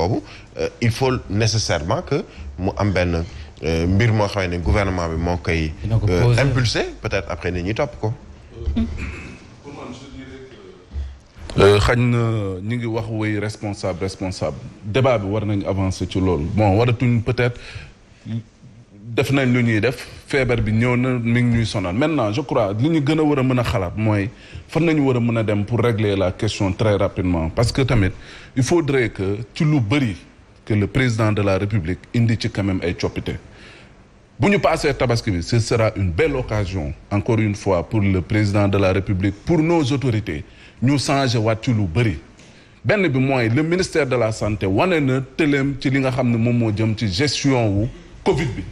boobu euh, il faut nécessairement que mu am benn euh, mbir moo xam ne gouvernement bi moo koy. Euh, impulser peut-être après nit ñi topp ko. xañ na ñu ngi wax wuy responsable responsable débat bi war nañu avancer ci loolu bon waratuñ peut-être. def nañ lu ñuy def feebar bi ñëw na mi ñuy sonal maintenant je crois li ñu gën a war a mën a xalaat mooy fan nañu war a mën a dem pour régler la question très rapidement parce que tamit il faudrait que ci lu bëri que le président de la république indi ci quand ay coppite bu ñu passé tabaski bi ce sera une belle occasion encore une fois pour le président de la république pour nos autorités ñu changé waat ci lu bëri benn bi mooy le ministère de la santé wane na tëleem ci li nga xam ne moom moo jëm ci gestion wu covid bi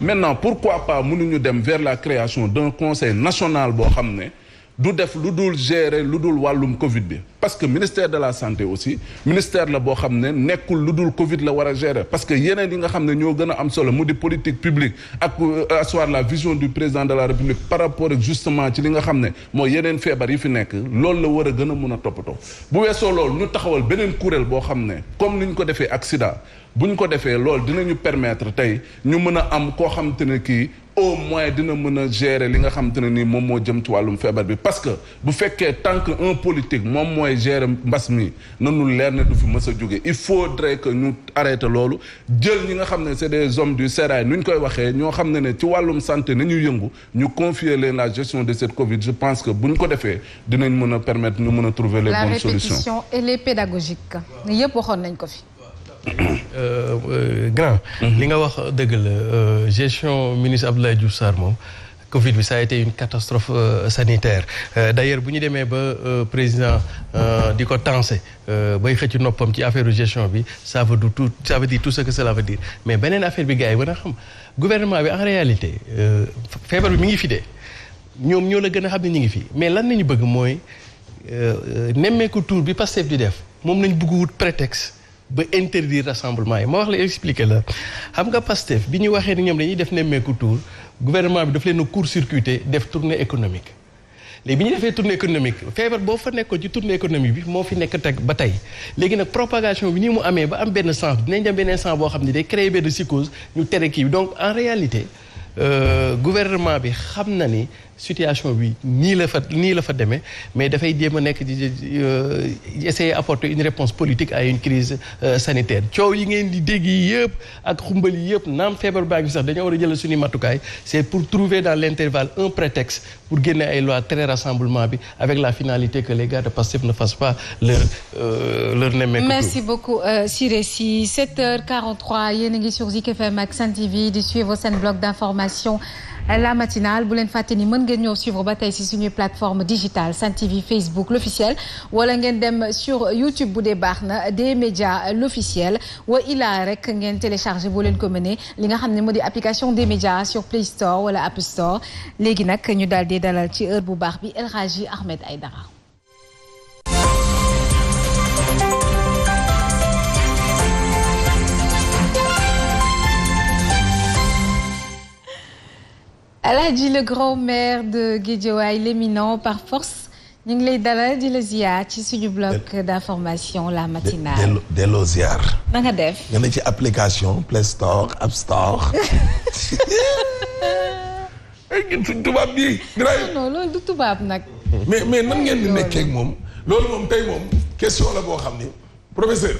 maintenant pourquoi pas mënuñu dem vers la création d'un conseil national boo xam ne du def lu dul gérer lu dul wàllum Covid bi parce que ministère de la santé aussi ministère la boo xam ne nekkul lu dul Covid la war a gérer parce que yeneen yi nga xam ne ñoo gën a am solo mu di politique publique ak euh, asseoir la vision du président de la République par rapport ak justement ci li nga xam ne mooy yeneen feebar yi fi nekk loolu la war a gën a mun a toppatoo bu weesoo loolu ñu taxawal beneen kuréel boo xam ne comme ni ñu ko defee ak sida bu ñu ko defee loolu dinañu permettre tey ñu mën a am koo xam ne kii au moins dina mën a gérer li nga xam te ne nii moom moo jëm ci wàllum feebar bi parce que bu fekkee tant que un politique moom mooy gérer mbas mi nanu leer ne du fi mës a jóge il faudrait que ñu arrêté loolu jël ñi nga xam ne c'est des hommes du sérail nu ñu koy waxee ñoo xam ne ne ci wàllum santé na ñu yëngu ñu confier leen la gestion de cette Covid je pense que bu ñu ko defee dinañ mën a permettre ñu mën a trouver les bonnes solutions la répétition nañ Euh, euh, grand. Mhm. li nga wax dëgg la euh, gestion ministre Abdoulaye Diouf Sarr moom. Covid bi ça été une catastrophe euh, sanitaire euh, bu ñu demee ba président di ko tancé bay xëcc noppam ci affaire gestion bi ça veut dire tout ça veut dire tout ce que cela mais beneen affaire bi gars yi mën a xam gouvernement bi en réalité feebar bi mi ngi fi de ñoom ñoo la gën a xam ne ñu ngi fi mais lan nañu bëgg mooy nemmeeku tour bi Pastef di def moom nañ bëgg wut prétexte ba interdire rassemblement yi ma wax la expliquer la xam nga Pastef bi ñu waxee ni ñoom dañuy def nemmeeku tour gouvernement bi daf leen a court-circuité def tournée économique léegi bi ñu defee tournée économique feebar boo fa nekkoon ci tournée économique bi moo fi nekk teg ba tey léegi nag propagation bi nii mu amee ba am benn sens dinañ dem beneen sens boo xam ne day créer benn psychose ñu tere kii bi donc en réalité euh, gouvernement bi xam na ni situation bi nii la fa nii la fa demee mais dafay jéem a nekk di euh, essayer apporter une réponse politique à une crise euh, sanitaire coow yi ngeen di dégg yi yëpp ak xumbal yi yëpp naam feebar baa ngi sax dañoo war a jël suñu matukaay c'est pour trouver dans l'intervalle un prétexte pour génne ay loi très rassemblement bi avec la finalité que les gars de Pastef ne fassent pas leur euh, leur nemmeeku. merci beaucoup Siré Sy 7 h yéen a ngi sur Zik FM ak Sen TV di suivre seen bloc d'information. la matinale bu leen fàtte ni mën ngeen ñëw suivre ba tey si suñuy plateforme digitale Sen TV Facebook l'officiel wala ngeen dem sur YouTube bu dee baax na des médias l'officiel wa ilaa rek ngeen téléchargé boo leen ko li nga xam ne moo di application des médias sur Play Store wala App Store léegi nag ñu daal di dalal ci heure bu baax bi El Hadji Ahmed Aïdara Alaaji le grand maire de Guédiawaye l'éminent par force ñu ngi lay dalal di la ziar ci suñu bloc d'information la matinale. de ziar. na nga ne ci application Play Store App Store. ngeen non ah non loolu tubaab nag. mais mais nan ngeen di nekkee ak moom. loolu moom tey question la boo xam ni professeur.